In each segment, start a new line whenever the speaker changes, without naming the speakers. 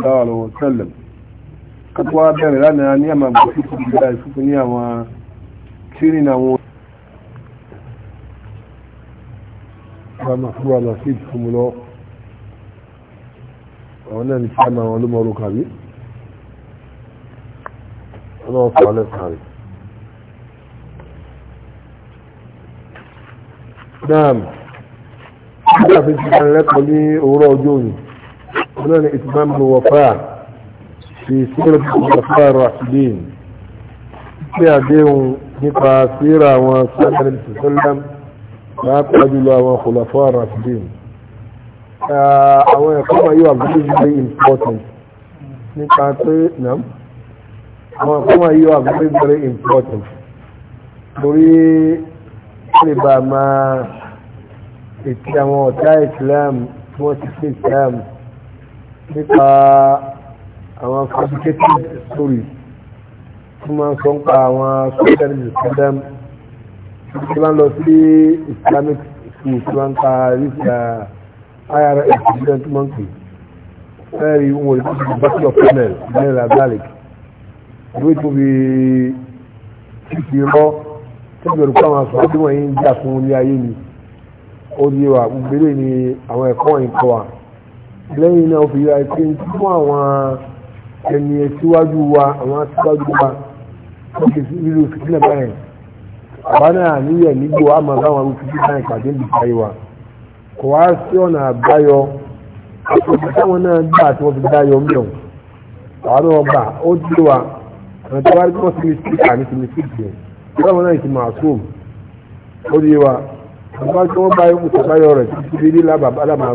الله عليه وسلم katuwa bẹ̀rẹ̀ lánàá ní àmà bọ̀sí fún ìgbà ìfúnfún ní àwọn tírin àwọn ọmọ fúra lọ sí ìfúnmu lọ àwọn náà ní kí a máa wọn ló alẹ́ sáré náà ní òwúrọ̀ ọjọ́ òní هنا إتمام الوفاء في سورة الخلفاء الراشدين في عديهم نقا سيرة وسنة النبي صلى الله عليه وسلم فأقعد الله وخلفاء الراشدين àwọn ẹ̀kọ́ wọ̀nyí wà very very important nípa pé nà àwọn ẹ̀kọ́ wọ̀nyí wà very very important torí lè bá máa ètí àwọn ọ̀tá Islam tí wọ́n ti fi Islam nípa àwọn fabricated stories tó máa ń sọ nípa àwọn social media tó bá ń lọ sí islamic school tó uh, bá ń ka ríṣà irs student monkey fẹ́ẹ̀rí wọn ò lè bọ́sí of female mẹ́rin abdalik ìwé tó fi títí rọ́ tẹ́gbẹ̀rù pé àwọn àṣọ àdúgbò yìí ń jà fún ilé ayé ni ó di wa gbogbo eléyìí ni àwọn ẹ̀kọ́ yìí kọ́ wa lẹ́yìn náà fi yọ àìpé fún àwọn ẹni ẹ̀síwájú wa àwọn aṣíwájú wa lókè rírò fìtílẹ̀ báyìí àbá náà níyẹ̀ nígbò àmà báwọn arúgbó fìtílẹ̀ báyìí pàdé níbi ayé wa kò wá sí ọ̀nà àbáyọ àpòjù táwọn náà gbà tí wọ́n fi dáyọ mìíràn àwọn náà gbà ó dúró wa àwọn tí wọ́n rí wọ́n ti mi sí àní ti mi sí ìgbẹ́ ìjọba náà ti máa tó ó dé wa àwọn tí wọ́n bá yọ kùtà báyọ rẹ̀ títí dé lábàbá lábàá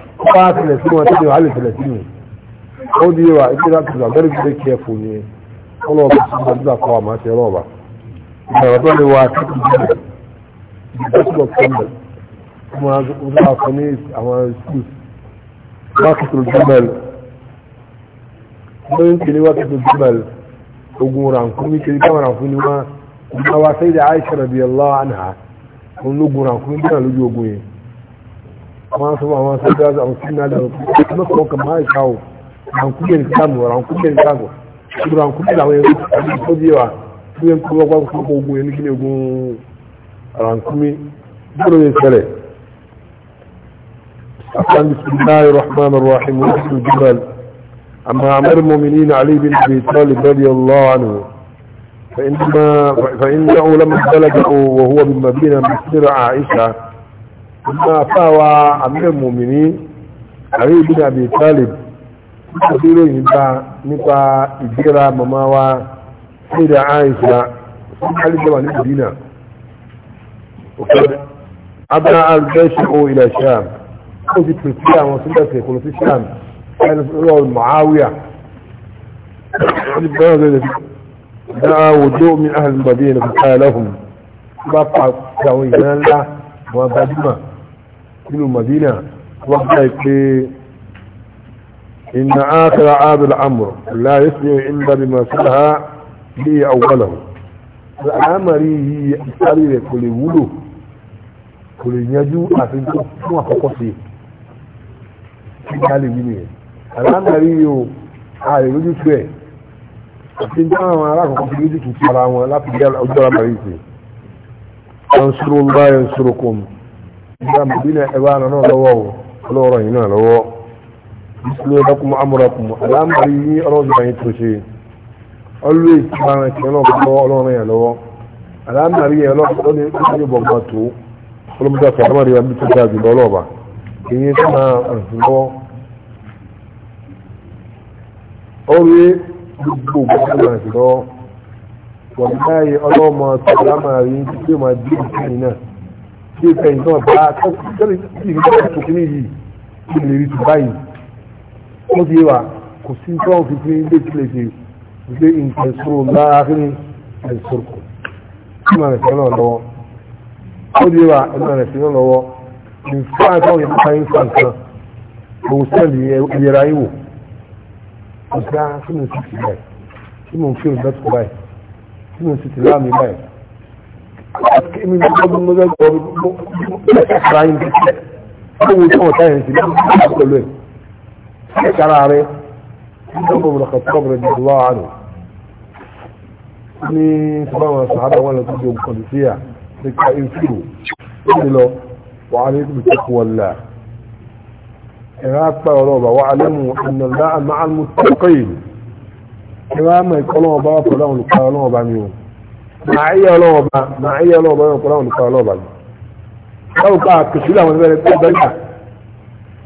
wá tilẹ̀ sí wọn tẹ́lẹ̀ wàhálẹ̀ tilẹ̀ sí wọn ó di wa ìgbéra tó wà very very careful ni kọ́lọ́ ọ̀bẹ sí wọn nígbà kọ́ àmà ṣe rọ́ọ̀bà ìgbàlá tó lè wá tẹ́kù jùlọ ìgbésùlọ̀ kọ́mbẹ̀ wọn á fún ní àwọn schools wákìtìlù jùmẹ̀l lóyún kìíní wákìtìlù jùmẹ̀l ogun rànkúmí kìíní káwọn rànkúmí wọn ìgbà wa sẹ́yìn àìsàn rabi allah anha òun ló gun rànkúmí bí wọn lójú àwọn sọ àwọn sọ bí àwọn sí náà lọ mọ́kàn kan máa ṣá o àwọn kúlẹ̀ ní sáàmù ọ̀rọ̀ àwọn kúlẹ̀ ní sáàmù ṣùgbọ́n àwọn kúlẹ̀ làwọn ẹni àti tó bí wa tó yẹ kó wọ́pọ̀ kó kó ogun ẹni kí ni ogun àràǹkúmi bóòrò ní ìṣẹ̀lẹ̀ أحسن بسم الله الرحمن الرحيم وحسن الجبل أما أمر المؤمنين علي بن أبي طالب رضي الله عنه فإنما فإنه لما بلغه وهو بالمدينة بسر عائشة ma fawa amirin mumini àrí ibn Abi Talib nípa tí ròyìn bá nípa ìgbéra mama wa sí da Aisha fún alìjọba ní ìdínà abúlá alìjọ́ṣe o ilẹ̀ sham ó ti pèsè àwọn sílẹ̀ tẹ̀kùn sí sham ẹni rọ Muawiya dáa wòjó min ahàlùmọ̀dé ní fàkàlẹ́hùn bá pàtàkì àwọn ìgbẹ́ ńlá wọn gbajúmọ̀ nínú madina wọ́n gbá ìpé iná ákàrà ábìlá amur láyé sí ìlà bí masu ha bí i awwalahu al'amari yìí sáré rẹ̀ kò lè wúlò kò lè yanjú àti fún àkọ́kọ́ sí kí ní lè wí nìyẹn al'amari yìí o a lójú tó ẹ̀ àti ní àwọn alákọ̀ọ́kọ́ sí lójú tó fara wọn láti gbé ọjọ́ alámari sí yansurullahi yansurukum nígbà mọ̀bílẹ̀ ẹwà náà lọ́wọ́ ọlọ́rọ̀ yìí náà lọ́wọ́ ìṣúlẹ̀ ẹ̀dọ́kùnmọ́ amúrakùnmọ́ alámọ̀rí ní ọlọ́rọ̀ yìí tó ṣe always gbogbo gbogbo bí o fẹ̀yìn náà bá tẹ́lẹ̀ tí ìlú tó tó kéré yìí tí lè rí ti báyìí ó di wa kò sí tó ń fi fi ilé tí lè ṣe gbé nǹkan ìṣòro lára fi ní àìsòrò kù kí màá rẹ̀ fi náà lọ́wọ́ ó di wa ẹ̀ màá rẹ̀ fi náà lọ́wọ́ ní fáwọn àwọn yẹn fáwọn fáwọn kan òun sẹ́ẹ̀lì ẹ̀yẹra yìí wò ọ̀gá kí mo sì ti báyìí kí mo fi òun bẹ́ẹ̀ tó báyìí kí mo sì ti láàmì báyìí mi ní ọdún mọ́tò ẹ̀kọ́ ara yín kíkẹ́ ọdún tí wọ́n táyà sí ní pẹ̀lú ẹ̀ kára rẹ̀ nígbà tó bọ̀rọ̀ kàtó bọ̀rọ̀ di ìlú àánú ní sọ́bà wọn sàádà wọn lọ sí ìjọ nǹkan sí à ní ká ìfúrò ó ní lọ wà ní ibi ìnàlá àmà àmú tẹ́kọ̀yìn ẹ̀rọ àmà ìkọlọ́ ọba bá mi o màáyé ọlọ́ọ̀ba màáyé ọlọ́ọ̀ba yóò kọ́ra ònìkan ọlọ́ọ̀ba ni báwo ká kìsìlú àwọn ẹgbẹ́ tó bẹ́ẹ̀ gbà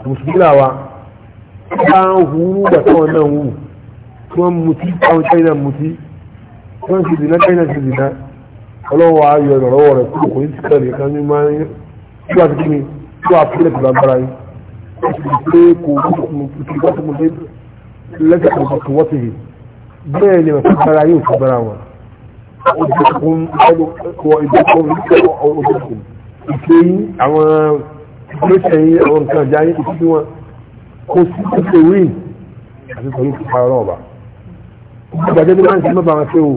mùsùlùmí làwa bá ń hurú gbàtọ́wọ̀n náà wù tí wọ́n mutí táwọn china mutí tí wọ́n ti dìná china ti dìná ọlọ́wọ́ ayọ̀ ìrànlọ́wọ́ rẹ̀ kúrò kò ní ti kẹ́rì kan ní máa ń tí wàá ti kí ni tí wàá fi lẹ́tọ̀ọ́ lágbára yìí bẹ́ẹ̀ ni wọ́n ti gbára yóò fi gbára wọn ojúkun ẹlòpọ̀ ìdókòwò ojúkun ìké yín àwọn ìgbésẹ̀ àwọn nǹkan ọjà yín ìtútù wọn kò sí ìpè wíìn àti pẹ̀lú ìpa ọ̀rọ̀ ọ̀bà ìgbàjẹ́ ní máa ń ṣe mọ́ba wọn ṣe o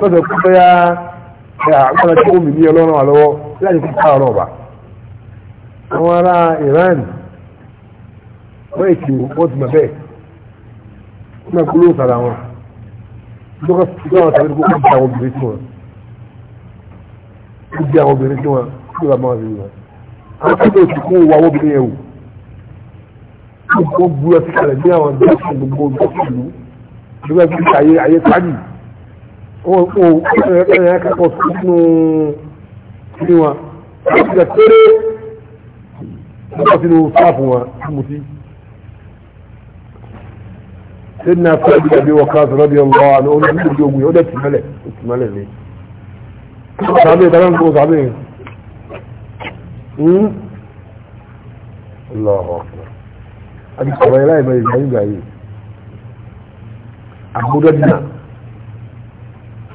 lọ́sọ̀ kó bẹ́yà àwọn tí ó mìíní ọlọ́run àlọ́wọ́ láti fi pa ọ̀rọ̀ ọ̀bà àwọn ará Iran wọ́n èkìwò wọ́n ti mọ̀ bẹ́ẹ̀ wọ́n lọ́kọ̀ lọ́wọ́ tàbí kó kọ́ bí àwọn obìnrin sí wọn kó bí àwọn obìnrin sí wọn kí wọ́n máa rí wọn. àwọn tó bẹ̀rẹ̀ sí kó wọ àwọn obìnrin yẹn wò kó gbú ọtí kalẹ̀ ní àwọn dọ́kítà gbogbo dọ́kítà ìlú nígbà tí ayé ayé sáàdì wọn kó ẹ̀rẹ́ akẹ́kọ̀ọ́ sínú sí wọn. wọ́n ti gbà tẹ́rẹ́ wọ́n ti lọ sáàpù wọn tí mo ti. سيدنا سعد بن ابي وقاص رضي الله عنه قال له يوم يقول لك ملك ملك ليه صعبين كلام كده صعبين امم الله اكبر ادي قبيله ما يجي جاي ابو دجنا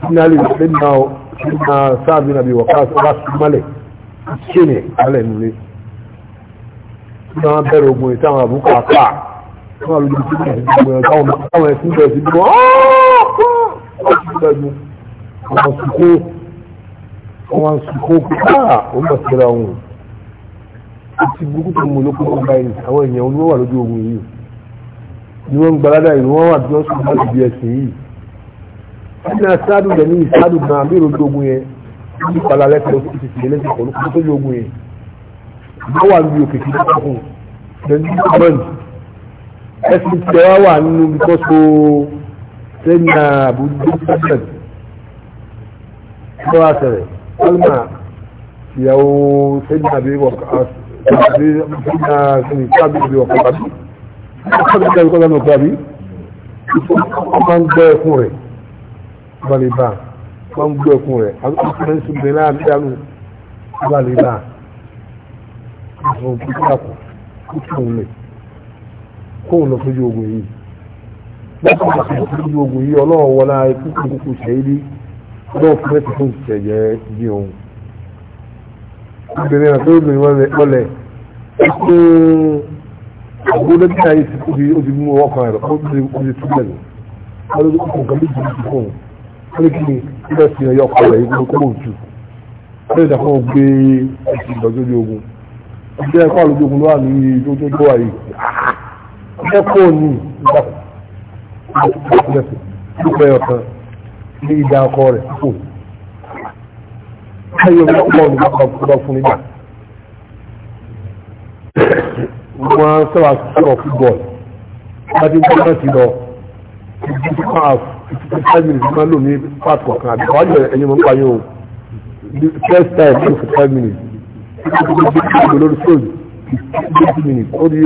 سيدنا علي سيدنا سيدنا سعد بن ابي وقاص راس ملك شنو قال له ليه ما بيرو بو تمام ابو قعقاع wọn lójú tí wọn ti gbọ́ táwọn táwọn ẹ̀sìn bẹ̀rẹ̀ sí gbọ́ ọmọ sùkó ọmọ sùkó kúkà òun bá sẹ́ra wọn ti burúkú tó mú olókùn tó báyìí àwọn èèyàn olówó wà lójú ogun yìí ni wọ́n ń gbalada yìí wọ́n wà tí wọ́n sùn láti di ẹ̀sìn yìí ẹni àṣáàdù rẹ̀ ní ìṣáàdù gan àbí ìròjú ogun yẹn ní ìpalà lẹ́sẹ̀ oṣù ti ṣe lẹ́sẹ̀ olókùn tó lójú ogun yẹn wọ́n wà lórí òkè kí wọ́n kún lẹ́yìn ẹ̀sìn tí wá wà nínú bíkọ́sọ sẹ́yìn àbújá sẹ́yìn tó wá sẹ̀rẹ̀ alma ìyàwó sẹ́yìn àbí ọkọ̀ àbí sẹ́yìn kábí àbí ọkọ̀ àbí kábí àbí ọkọ̀ àbí ọkọ̀ àbí ọkọ̀ máa ń gbọ́ ẹkún rẹ̀ balibá máa ń gbọ́ ẹkún rẹ̀ àwọn ọkọ̀ ń sùn bẹ̀rẹ̀ àbí àlù balibá ìfọ̀nkú kí a kò kí a kò lè kóun lọ sójú ogun yìí lọ́sọ̀ máa fi sójú ogun yìí ọlọ́run wọlá ikú kúkú ṣẹ́yìlì lọ́wọ́ fún ẹ̀sìn fún ìṣẹ̀jẹ̀ bí òun. obìnrin náà tó obìnrin wọlé ẹkún àgbóná bí ayé ti kúbi ó ti mú ọwọ́ kan rẹ̀ ó ti ó ti túbẹ̀ lọ. wọ́n ló kó nǹkan méjì lóṣù fún un wọ́n lè kí ni ilé ẹ̀sìn ẹ̀yọ́ ọkọ rẹ̀ ikú kó òjò. wọ́n lè dàpọ̀ gbé ẹ̀sìn lọ sójú ogun. ọ̀gbẹ́ ẹ̀kọ́ àlójú ogun ló wà ní ojú ọjọ́ àyè ẹ̀kọ́ ní ìgbàkùnlẹ̀kùn púpọ̀ ọ̀kan ní ìdá ọkọ rẹ̀ púpọ̀ ayọ̀ púpọ̀ ní ọba fún nígbà wọ́n sọ́wọ́ sọ́rọ̀ fútbọ̀l láti ń tọ́lá ti lọ ìdí tó kọ́ àf ìtútù five first time ló fi five minutes ìtútù tó kọ́ àf lórí fóònù fifty minutes ó di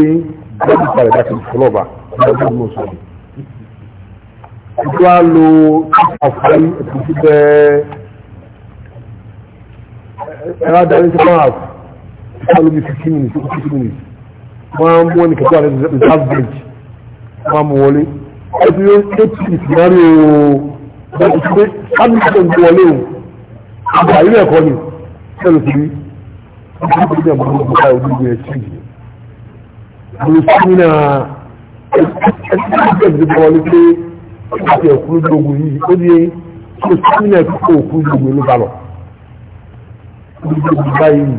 lọ́dún ìpàdé láti fọlọ́ba lọ́dún ìmọ̀ sọ̀rọ̀. ìtura lo àfọ̀rí ètùtù bẹ́ ẹ̀rọ adarí sí máa ìtura lóbi fifteen minutes ó fifteen minutes wọ́n á mú ẹni kẹ̀kẹ́ àti reserve bridge wọ́n á mú wọlé ẹbí ó ti ìtìmọ́rí o bẹ́ẹ̀ ti pé kábíyèsí ń wọlé o àgbà ilé ẹ̀kọ́ ni ṣẹlẹ̀ sí bí wọ́n ti ń gbé ẹ̀mọ́ ní ìgbà olùsọ́nà ẹgbẹ̀rún wọn ni pé láti ẹ̀kú lóògùn yìí ó di olùsọ́nà ẹ̀kú òkú lóògùn ló balọ̀ lóògùn báyìí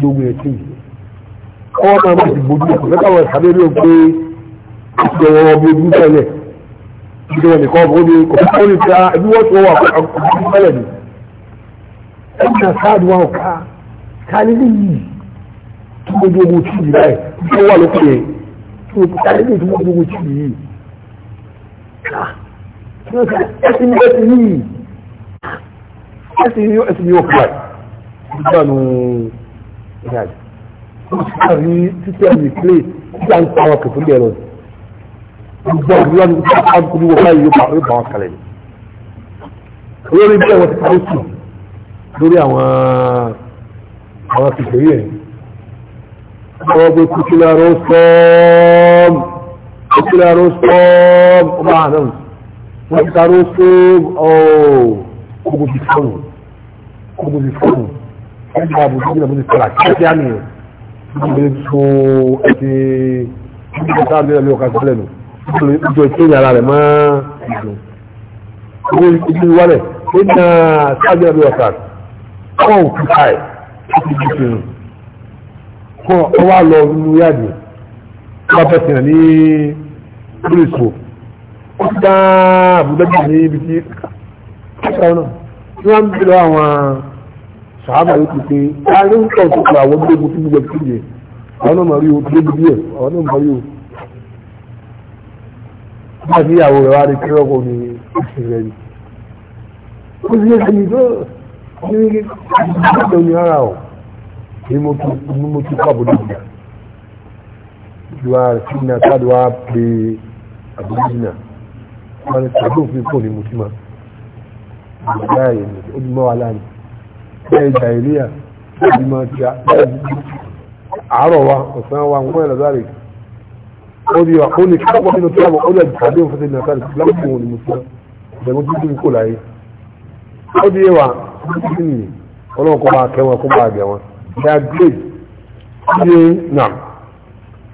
lóògùn ẹ̀kú yìí ọwọ́ náà wọ́n ti bójú ẹ̀kú lẹ́ka wọn ìsàlẹ̀ ló pé ìjọba wọn bí ojú sẹ́lẹ̀ ìjọba nìkan ó ní kò fún ọ́nì tí ẹbí wọ́n ti wọ́n wà ọkùnrin sẹ́lẹ̀ ni ẹ̀ka sáà ni wọn ò ká ká lé yìí tó gbójú ogun tí yìí báyìí tó wà lókè yẹn tó kárẹ́ lè tó gbójú ogun tí yìí ẹsìn ẹsìn yìí yìí ẹsìn yìí ọ̀pọ̀ ẹ̀ nígbà nù ìyá rẹ̀ ní plé tí a ń pa àwọn gbogbo báyìí yóò bá bá wọn kalẹ̀ ni lórí bí wọn ti parí sùn lórí àwọn àwọn kìfẹ́ yẹn ọgbẹ́ kùtìlá rọ́sọ́m kùtìlá rọ́sọ́m ọba àdán wọ́n ti ta rọ́sọ́m ọ̀ọ́gbù ti fọ́nù ọgbù ti fọ́nù ẹgbẹ́ àbùkù ìjìnlẹ̀ bùkù kọ́lá kẹ́kẹ́ àmì ìgbẹ̀lẹ̀ tó ẹ̀kẹ́ ìgbẹ̀lẹ̀ tó àbẹ̀lẹ̀ lọ́kà sílẹ̀ nù ìjọ ìkéyìn kọ́ ọ wá lọ nínú yáàdì wọ́n fẹ́ sìn ní pírísù ó dá àbúdájà ní ibi tí kíkọ́ náà tí wọ́n ń bí lọ àwọn sàábà yóò ti pé a ní sọ̀ tó àwọn gbogbo tí gbogbo tí yẹ àwọn náà máa o tó bí ẹ̀ àwọn náà máa o bá sí ìyàwó rẹ̀ wá rí kí rọ́pò ní ìṣẹ̀lẹ̀ yìí ó sì yẹ kí ní tó ní kí ní kí ní ara ọ̀ ni mo ti kọ́ àbúrò ìgbà ìwà sínú àtàdùwà pé àbúrò ìgbà wọn ni tàbí òfin pò ní mo ti máa ìgbà yìí ni ó ti mọ́ wa láàrin bẹ́ẹ̀ ìgbà ìlú yà láti máa ti àárọ̀ wa ọ̀sán wa wọ́n yẹn lọ́dọ̀ rẹ̀ ó di ó ní kápọ̀ nínú tí wọ́n ó lè tàbí òfin sínú àtàdùwà láti mo ní mo ti máa ìgbà tó ti kò láyé ó ní ọlọ́run kọ́ máa kẹ́ kó máa gẹ̀ they are great ṣe nam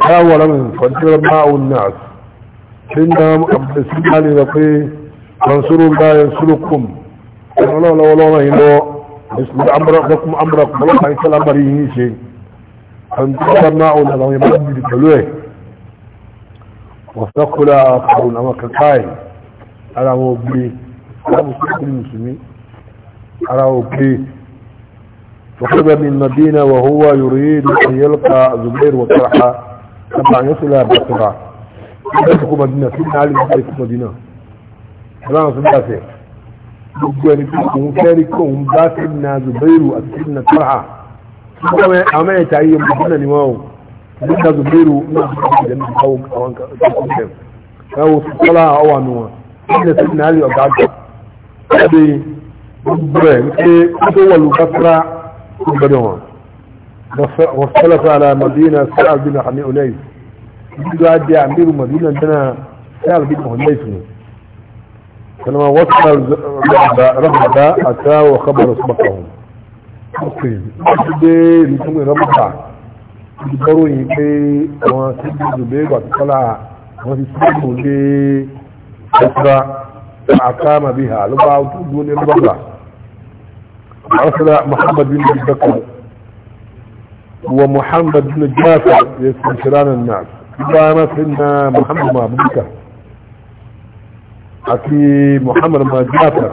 ya wọ́n min fọ́jọ́ ma'un nas ṣin na abdulsi bali ba pé wọ́n suru bayan suru kum ọlọ́lọ́wọ́lọ́wọ́ yìí lọ ìṣúlẹ̀ amúrakọ̀kún amúrakọ̀kún lọ́pàá ìṣẹ́lá mari yìí ṣe an tọ́jọ́ ma'un nas àwọn yàmọ́ bìbì pẹ̀lú ẹ̀ wọ́sọ́kùlá àkàrùn àwọn kakáì ara wọn gbé ara wọn gbé وخرج من المدينة وهو يريد أن يلقى زبير وطرحة طبعا يصل بسرعة يدخل مدينة في علي يدخل مدينة سلام سبعة سير يقول مشاركهم باسمنا زبير وأسلنا طرحة أما يتعيي مدينة نواو سيدنا زبير ونحن جنة قوم أوانك أو سطلع أو أنواع سيدنا علي أبعد أبي بره مثل كتوى البصرة بدون وصلت على مدينة سعد بن حمي أنيس يجب أدي يعمير مدينة لنا سعد بن أنيس فلما وصل رغبة أتى وخبر سبقهم مسلم زبير يسمي ربطة يجبروا يكي وسيد زبير وطلع وسيد زبير أسرع فأقام بها لبعض دون الرغبة أرسل محمد بن بكر ومحمد بن جعفر يستشيران الناس كما إن محمد ما بكر أكي محمد ما جعفر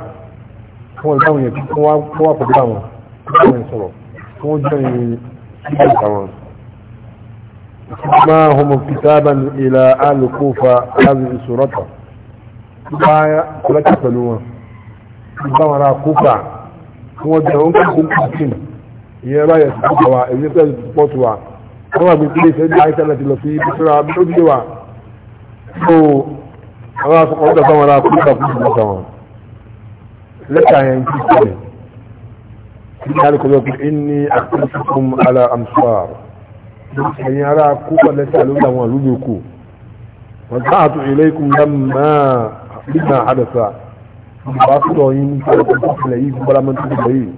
هو الجامعة هو هو قدامه هو ينصره هو جاي كمان ما كتابا إلى أهل الكوفة هذه سورته بايا كلها تفلوها بمرا كوفة wọ́n jẹ́ wọ́n kọ́ kún kàtín ìyẹn bá yẹ sọ́kọ̀ wa èyí fẹ́ pọ́tù wa wọ́n wà gbígbé ṣe ní àìsàn láti lọ sí bísọ́ra ó gbé wa so àwọn asọ́kọ̀ ọ̀dọ̀ sáwọn ará kún kà fún ìgbà wọn lẹ́tà yẹn ti sọ̀rọ̀ ní alùpùpù pé ní àkókò ala amsuar ẹ̀yin ará kúkọ lẹ́tà lórí àwọn àlúgbò kù wọ́n sáà tún ilé ikùn lẹ́mọ̀ àdàsá باطلوا يمين ليه بلا من تبليه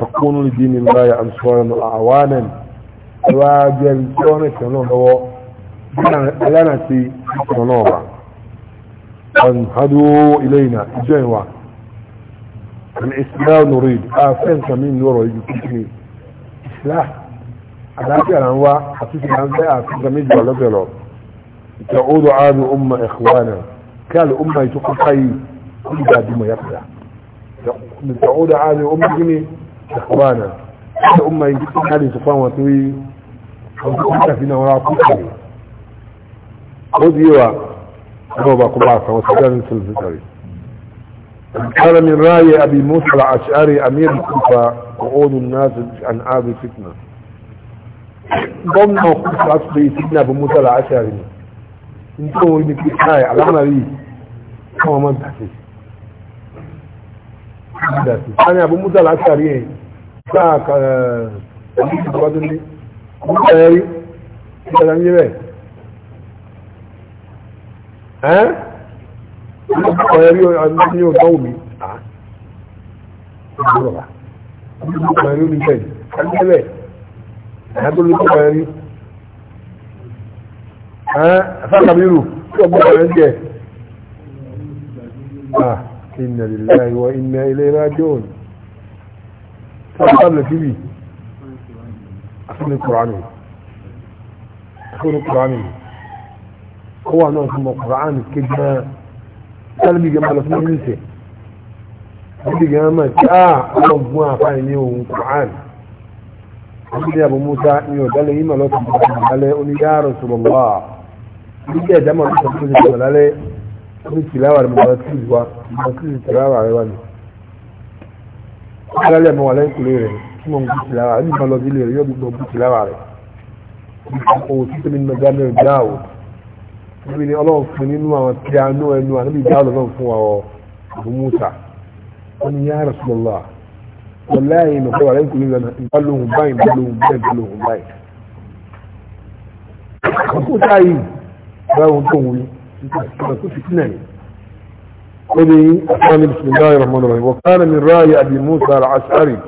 فكونوا لدين الله أنصارا أعوانا واجل كونه كانوا هو لنا في نورا فانهدوا إلينا إجيوا الإسلام نريد آفين كمين نورا يجيكي إسلاح أداتي الأنواع حسيسي الأنزاء آفين كمين جوالة تعود عاد أمة إخوانا كالأمة يتقل خير كل قاعد ما يرجع من تعود عالي أم جني إخوانا أم ينجد حالي سفان وتوي وكذا فينا ولا كذا خذ يوا هو بقبعة وسجان في الفتري من رأي أبي موسى الأشعري أمير الكوفة قعود الناس عن آب فتنة ضمن وقف أصلي سيدنا أبو موسى العشعري انتوا ابن كيساي على عمري ما تحسيش sani abu musa lásàrí ẹ̀ sáà kàrí ìgbọ́dún ní musa ẹ̀rí ìjọba ní rẹ̀ ẹ́ musa ẹ̀rí ọdún ní ọ̀dọ́ omi àgbọ̀rọ̀bà musa ẹ̀rí oníṣẹ́ ìjẹ́lẹ̀ ẹ̀ẹ́dọ́lù musa ẹ̀rí ẹ́ sáà kàmírù tí ọgbọ́n ẹ̀rí jẹ́ inna lillahi wa inna ilayhi raji'un sábàbà tv àfihàn kùránì àfihàn kùránì ó wà náà fún kùránì kéjìmá tálíbì gẹ́gẹ́ lọ fún ìrìnsẹ̀ níbi gẹ́gẹ́ máa tí a ah, ọlọ́gbọ́n àfáà ní ohun kùránì àti abu musa ní ọ̀dálẹ̀ yìí mà lọ́sọ̀rọ̀ lálẹ́ oníyàrá sọ̀rọ̀ wá nígbà ìdámọ̀ lọ́sọ̀rọ̀ lálẹ́ ní tìláwà ní mọ̀lá tí ìwà mọ̀lá tí ìtìláwà rẹ̀ wà ní alálẹ̀ mọ̀ wà lẹ́kùnlé rẹ̀ tí mọ̀ ń bú tìláwà ní mọ̀lá tí ilé rẹ̀ yóò gbogbo bú tìláwà rẹ̀ ìfọ̀kọ̀wò tí tẹ́mi nà dáná rẹ̀ dáàwò níbi ni ọlọ́run fún nínú àwọn tí a nú ẹnu àníbi dáàlù náà fún wa ọ Abu Musa wọn ni yá Rasulullah wọn láàyè nìkan wà lẹ́kùnlé rẹ̀ ìbálòhùn báyìí ìbálòhùn báyìí ìbálòhùn báyìí قولي أخواني بسم الله الرحمن الرحيم وكان من رأي أبي موسى العشعري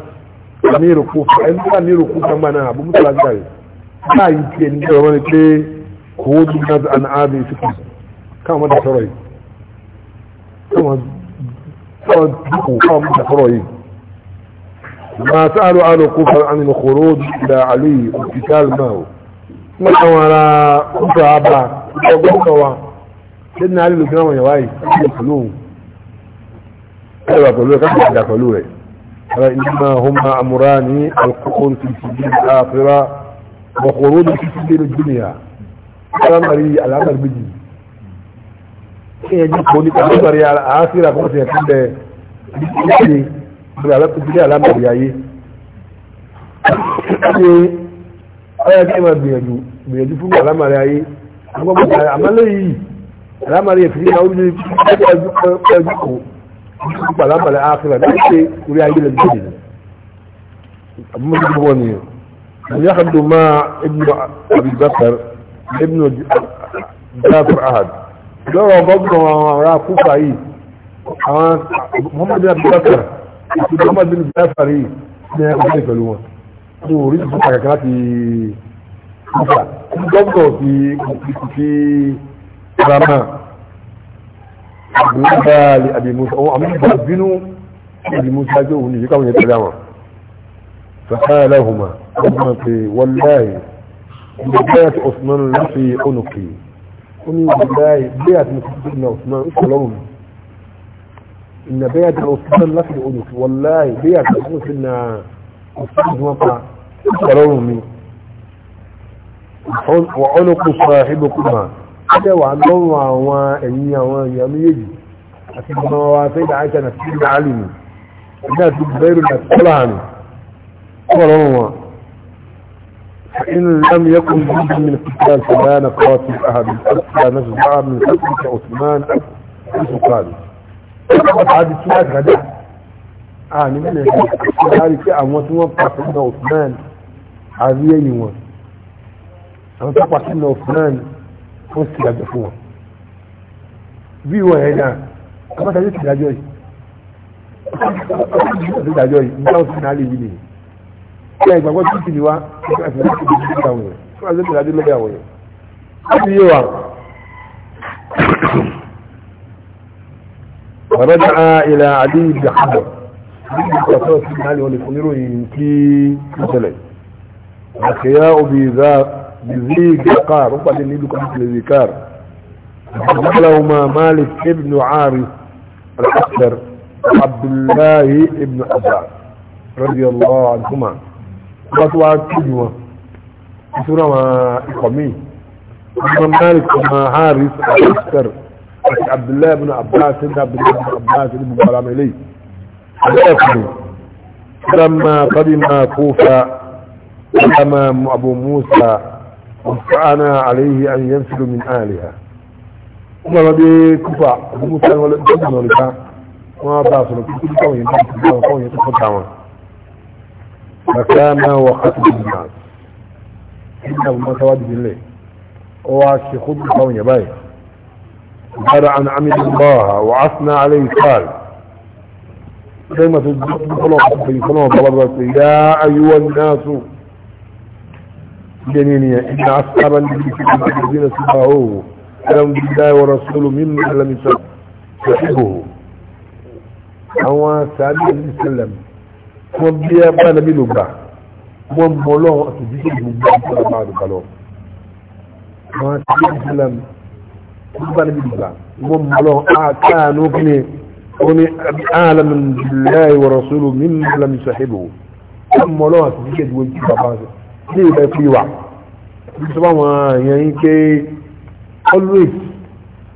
أمير كوفة أنت أمير كوفة منا أبو موسى العشعري لا يمكن أن يكون قود الناس عن عادي فكرة كما تحري كما صدقوا هذا تحري ما سألوا أهل كوفة عن الخروج إلى علي وقتال معه ما كان على كوفة عبا وقوة sẹ́dínà alìlú kí wọ́n yàn wáyé ẹ̀kọ́ pẹ̀lú òun ẹ̀rọ pẹ̀lú ẹ̀kọ́ pẹ̀lú ẹ̀dà pẹ̀lú rẹ̀ ẹ̀rọ ìdímà homa amúra ní alkókò tó ti di àfẹ́rà bọ̀kọ̀rọ̀ ní ti ti di jùnìyà alámàrí alámàrí méjì kí ẹ̀jẹ̀ kò ní alámàrí àásìrà kọ́ sí ẹ̀kọ́ bẹ̀ ní ìdílé alámàrí ayé ṣe ọ̀yà kí ẹ máa gbìyànjú gbìyànjú fún alámàrí ayé àmọ́ lẹ́yìn alámàrí ẹ̀fìdí náà ó ní ẹgbẹ́ ẹgbẹ́ kò nípa alámàrí áfíríkà láti ṣe orí ayé lè dìde àbúmọ̀tò gbogbo ni ìyá kan tó máa ibnu abubakar ibnu jafar ahad lọ́rọ̀ gọ́gbọ̀n àwọn ará kúfà yìí àwọn muhammad bin abubakar àti muhammad bin jafar yìí ní ẹgbẹ́ ìfẹ́ pẹ̀lú wọn tó orí ìfúnpá kankan láti kúfà gọ́gbọ̀n fi رمى بالنسبة لأبي موسى هو عمل بنو أبي موسى جوه فقالهما والله بيات عثمان في عنقي قل والله بيات مسجدنا عثمان اسلام إن بيات عثمان في عنقي والله بيات عثمان وقع اسلام وعنق صاحبكما ẹ̀wà lọ́rùn àwọn ẹ̀yìn àwọn èèyàn méjèèjì àti ọmọ wa sẹ́yìn àìsàn àti ìlú àlù ní ẹgbẹ́ àti bẹ́ẹ̀rù àti kọ́là àmì ọ̀pọ̀ lọ́rùn wọn فإن لم يكن جد من قتال فلا نقاتل أحد حتى نشبع من قتلك عثمان أو سقال وقعد السؤال غدا أعني من ذلك أموت وقتلنا عثمان هذه يوم أموت وقتلنا عثمان ó sì fún wọn bí ìwọ yẹn náà àbáta yóò yìí ó yìí nígbà ó náà lè yí nìyí kí ẹ gbàgbọ́ tó ti ní tí wọ́n ti àwọn yẹn fún lọ́dẹ àwọn yẹn ó sì yé wa. فرجع إلى عدي بن حبر بذي وبعدين يدك مثل ذي قار مالك ابن عارف الأكثر عبد الله ابن عباس رضي الله عنهما وطوى كنوة سورة ما إقامي أما مالك وما عارف الأكثر عبد الله بن عباس ابن عبد الله بن عباس ابن بلام إليه لما قدم كوفة لما أبو موسى وكان عليه أن ينسل من آلها وما بدي كفا موسى ولا ابن ولا ما باصل كل قوي قوي تفضعون فكان وخطب الناس إنه ما سواد بالله واشي خد قوي باي قال عن عمد الله وعثنا عليه قال كلمة الدكتور يا أيها الناس جنينية إن أصحاب الذي في الذين سبعوه كلام بالله ورسوله مما لم يصحبه àwọn sàbí ẹni sẹlẹm wọn bí ẹ bá nàbí ló gbà wọn mọ lọ́wọ́ àtúntí tó gbogbo àti ọba àdùkà lọ àwọn sàbí ẹni sẹlẹm wọn bá nàbí ló gbà wọn mọ lọ́wọ́ àtàánú kìíní oní àlàmì bìláyì wọ̀rọ̀ sólù mímú àlàmì sàhébù wọn mọ lọ́wọ́ àtúntí tó gbogbo àti ọba àdùkà lọ. ní ilẹ̀ fi wà bí sọ fáwọn èèyàn yín pé always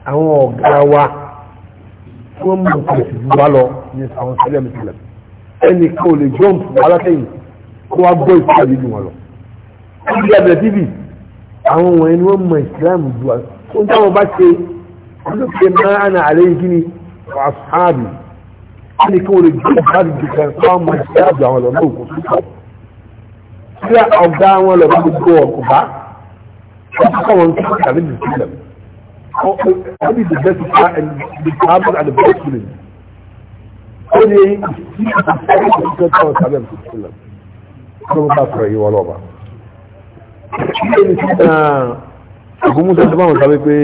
àwọn ọ̀gá wa tí wọ́n mú nǹkan ìsìn jù wá lọ ní àwọn sẹ́lẹ̀ mẹ́sìlẹ̀ ẹnì kan ò lè jump alátẹ̀yìn kó wá gbọ́ ìsìn àbí jù wọn lọ. ní abẹ́ tv àwọn wọ̀nyí ni wọ́n mọ Islam jù wá ó ń táwọn bá ṣe olóògbé máa ń àlẹ́ yìí kí ni wàá sáàbì ẹnì kan ò lè jump láti jù kan kó wá mọ Islam jù àwọn lọ lóògùn tó tí ọ̀gá wọn lọ bá gbogbo ọkọ̀ bá ọkọ̀ wọn tó kàrí ní sílẹ̀ ọdún the best car and the travel and the best feeling ó ní èyí kò sí ọkọ̀ tó kọ́ tó kàrí ní sílẹ̀ ọdún bá sọ̀rọ̀ yìí wọ́n lọ́ba. Àgùnmùsọ̀ tó bá wọn sáré pé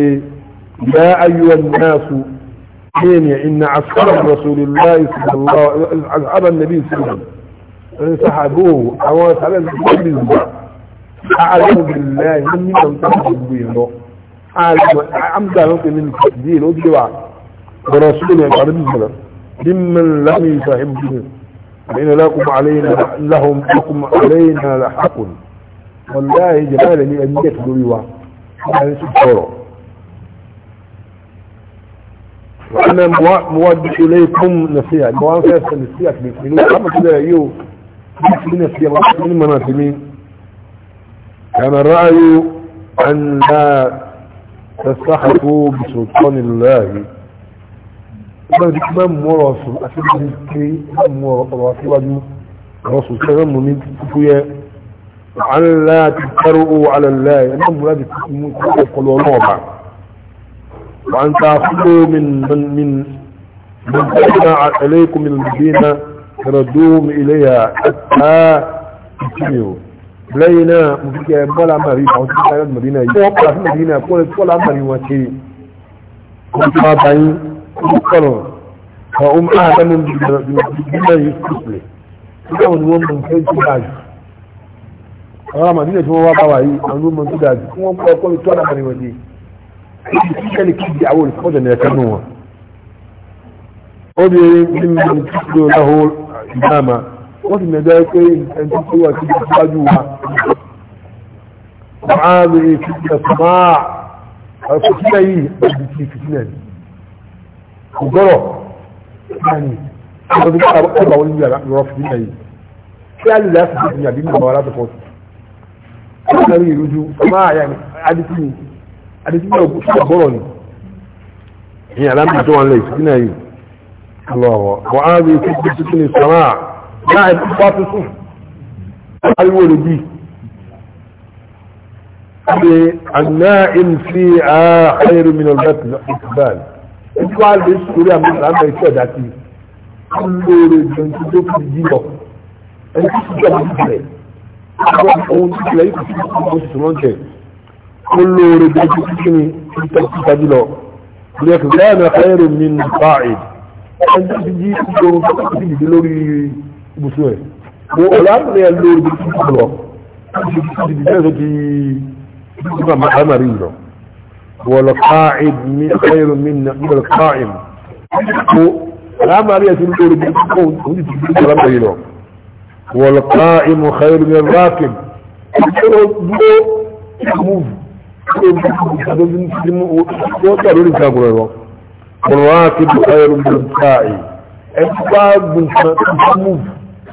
yá ayúwa náà sùn حين إن أصحاب رسول الله صلى الله عليه وسلم أصحاب النبي صلى الله عليه وسلم انسحبوه او سبب الكل اعلم بالله اني لم تحب بيضه اعلم امدى لك من الكتبين ودي بعد برسول العربي هنا ممن لم يصاحب بيضه لان لكم علينا لهم لكم علينا لحق والله جمال اني ان يكتبوا بيضه انا لسي بطورة وانا مواد اليكم نصيحة مواد نصيحة نصيحة نصيحة نصيحة نصيحة نصيحة نصيحة من المناسبين كان الرأي ان لا تستحقوا بسلطان الله ما مراسل اسمه كي ما مراسل رسول صلى الله عليه وسلم ان لا تتكرؤوا على الله ان مراد يقول والله وان تأخذوا من من من من تأخذوا عليكم المدينة ردوهم إليها حتى يتميوا لينا مفكا ولا مريم أو تلك المدينة يوقع في المدينة قولت ولا مريم وشيء كنت كل مقرر فأم أعلم بما يسكت له كما نوم من كيس الحاج أرى مدينة شما واقع وعي أنوم من كداج كما قولت ولا مريم وشيء كان كيف يعول فوجا يكنوها قد من تسلو له dáàmà wọ́n sì mẹ́jọ́ pé ẹni tó wà sí ìgbàjú wa máàlù ìfìdíà máà àfòsílẹ̀ yìí ọdún sí ìfìdílẹ̀ ni kò gbọ́rọ̀ láàyè ọdún tó bá wọ́n yíyà lọ́rọ̀ fìdílẹ̀ yìí kí á lè láti fi ìyàbí ní àwọn aláṣọpọ̀ ọdún rí ìrújú máà yà ní adìsí ni adìsí ni ọgbọ́rọ̀ ni ìyàlámì tó wọn lè ìfìdílẹ̀ yìí الله وهذه تجد في السماع قاعد فاتصل الول دي النائم فيها خير من البتل اقبال اقبال بالسوريا من العمى يتدعتي كل رجل تدوك الجيبه انت تجد الجيبه كل رجل تدوك الجيبه كل رجل تدوك الجيبه
كان خير من
قاعد ẹjọ́ ti jí ìgboro tó kọ́ sí ìdílé lórí ibùsùn ẹ̀ mo ọ̀rọ̀ àgbẹ̀ ẹ̀ lórí ibi tó lọ láti fi ìdílé ẹ̀ ti ìdílé màmá àmàrí lọ wọ́n lọ káàìm ní ọ̀yẹ̀rọ̀ mi nà ní ọ̀rọ̀ káàìm mo ọ̀rọ̀ àmàrí ẹ̀ ti lórí ibi tó kọ́ òun ti fi ìdílé àmàrí lọ wọ́n lọ káàìm ọ̀yẹ̀rọ̀ mi rákìm ọ̀rọ̀ dúró ìmúvù ọ̀rọ̀ dúró ìmúvù والراكب خير من الساعي ẹgbàgbù ìfẹ́mùf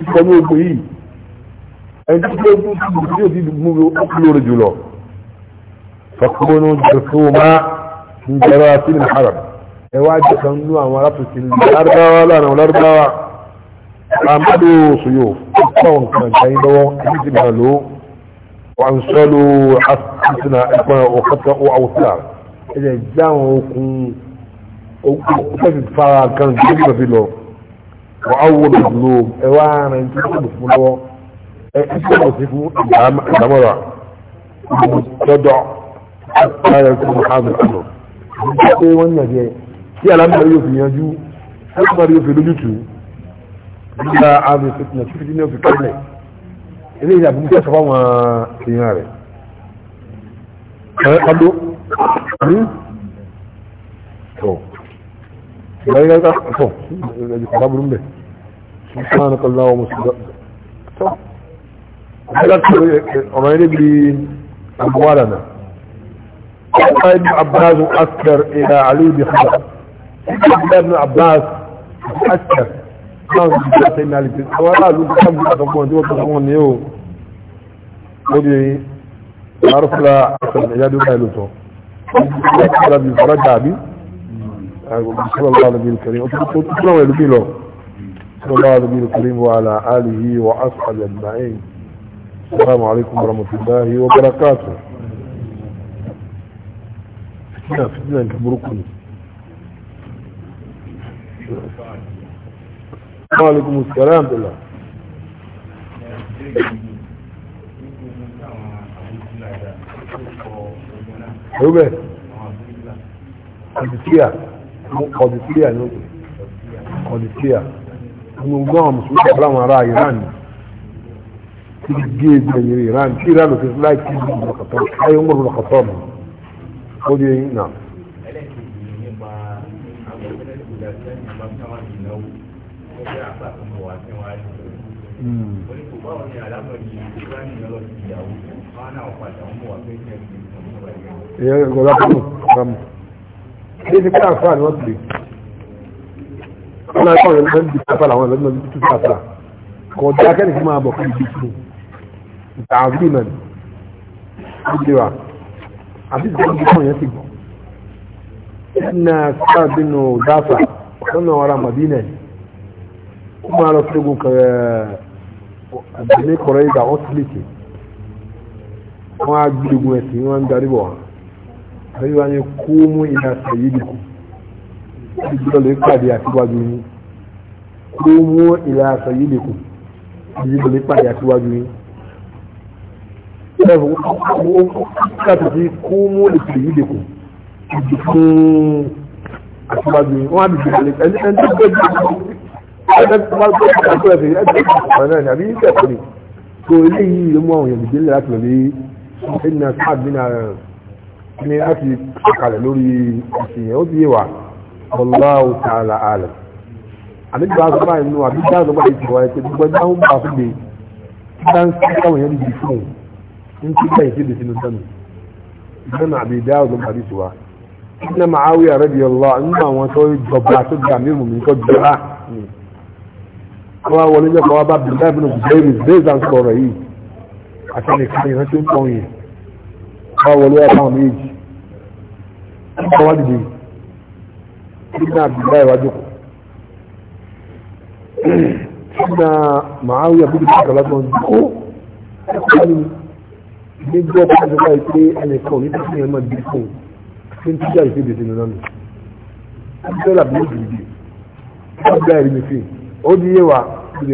ìfẹ́mù ogun yìí ẹni tí ó tún tún tí ó ti múlò ọkùnlórí jùlọ fọkúnnú jẹfúnmá ń jẹrọ sí ní haram ẹwà jẹkan nú àwọn arákùnkì lárúbáwá lánàá lárúbáwá amadu soyo ọkọ nǹkan jẹyìn lọ́wọ́ ẹni tí mà ló wọn sọlọ asìtìnà ẹgbọn ọkọtọ ọwọsílà ẹjẹ jáwọn okùn fẹ́sì fara kan tí ó fi lọ wọ́n á wọ́n lò lò ẹ wá rìn tí ó lò fún lọ́wọ́ ẹ ti sọ̀rọ̀ sí fún ìdámọ́ra ìlú tọ́jọ́ láyé fún hàmì àná nígbà pé wọ́n yàn jẹ́ tí alámọ̀rí yóò fi yanjú alámọ̀rí yóò fi lójútù nígbà àmì fìtìnà tí fìtìnà fi kẹ́lẹ̀ ilé ìyá àbúkú tẹ̀sán fáwọn èèyàn rẹ̀ ẹ̀ adó àmì tó bai ga ka to ji ka burun be subhanaka allahumma subhanaka to daga amma ne bi abwarana ابن عباس أكثر إلى علي بخبر ابن عباس أكثر كان سيدنا علي بن حوالي لو كان بيتكون دول بيتكون يو ودي عرف لا عشان يجادوا قالوا تو رجع بيه صلى الله على نبينا الكريم صلى الله على نبينا الكريم وعلى آله وأصحابه أجمعين السلام عليكم ورحمة الله وبركاته فتنة فتنة وعليكم السلام بالله Ruben, Alicia. kọ̀dìsíà ní òkè kọ̀dìsíà gbogbo àwọn mùsùlùmí kọ̀ọ̀lá àwọn ará Iran ti gé egbò ìyẹrẹ Iran tí Iran lòkè láì kí ìlú lọ́kàtọ́ ayé ń gbọ́dọ̀ lọ́kàtọ́ mọ́ ó di eyín náà. Ìyá hmm débi pé àfáà ni wọ́n ti lè wọ́n náà kọ́ ọ̀rẹ́ lọ́dún bíi àfáà làwọn ẹ̀lọ́dún bíi tún àfáà kò dé akẹ́ni fún máa bọ̀ fún ibi fún ìta àbí mẹ́rin níbi wa àbí ìgbọ́n bí wọ́n yẹn ti gbọ́ ẹ̀nà sáà bínú dáfà lọ́nà ọ̀rá màdínà ó máa lọ sígun kẹrẹ àbẹ̀lẹ̀ kọ̀rẹ́ ìgbà ọ́sílẹ̀kì wọ́n á gbígun ẹ̀sìn àbẹ́yẹ wa ni kó mú ìlà sẹ̀yí dìkù ìjọ lè pàdé àtiwájú yín kó mú ìlà sẹ̀yí dìkù ìjọ lè pàdé àtiwájú yín láti fi kó mú ìpè yìí dìkù ìdì fún àtiwájú yín wọ́n á dìbò lè ẹni tó gbé jù ẹgbẹ́ tó máa gbé àkókò ẹ̀fẹ̀ ẹgbẹ́ tó máa náà ní àbí ìfẹ́ tó ní tó eléyìí ló mú àwọn èèyàn dìde láti lọ bí ẹni náà sáà bí náà ní láti kalẹ̀ lórí ìṣìyàn ó ti yé wa Allahu ta'ala alam àdéjọba sọ báyìí nínú àdéjọba sọ báyìí ti wáyé pé gbogbo ẹgbẹ́ àwọn bá fún mi tí bá ń sí káwọn èèyàn dìbò fún un ní tí báyìí ti dìbò sínú ìgbẹ́nà àbídá ọ̀gbọ́n àbí tiwa ní Muawiya radiyallahu nínú àwọn tó jọba tó gba mímu mi tó jọba ni wọ́n wọlé jẹ́ kọ́ wá bá bìlá ìbínú bẹ́ẹ̀ mi bẹ́ẹ̀ zan sọ̀rọ̀ yìí àti ẹnìkan ìrántí ń pọ̀ yìí bá wọlé àtàwọn méjì wọ́n wá dìde nínú àbílá ìwájú kù nínú màáwí àbúrò ìkàlá tó ń kó ẹ̀kọ́ ni nígbọ́ pàṣẹ báyìí pé ẹnìkan ní tí ìyẹn máa dìbò tí ń tíjà ìfébè sínú náà nù ẹgbẹ́ làbí ó dìde wọ́n di yé wa ó rí